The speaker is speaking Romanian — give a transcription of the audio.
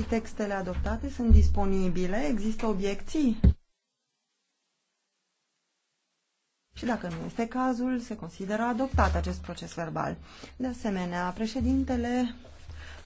și Textele adoptate sunt disponibile. Există obiecții? Și dacă nu este cazul, se consideră adoptat acest proces verbal. De asemenea, președintele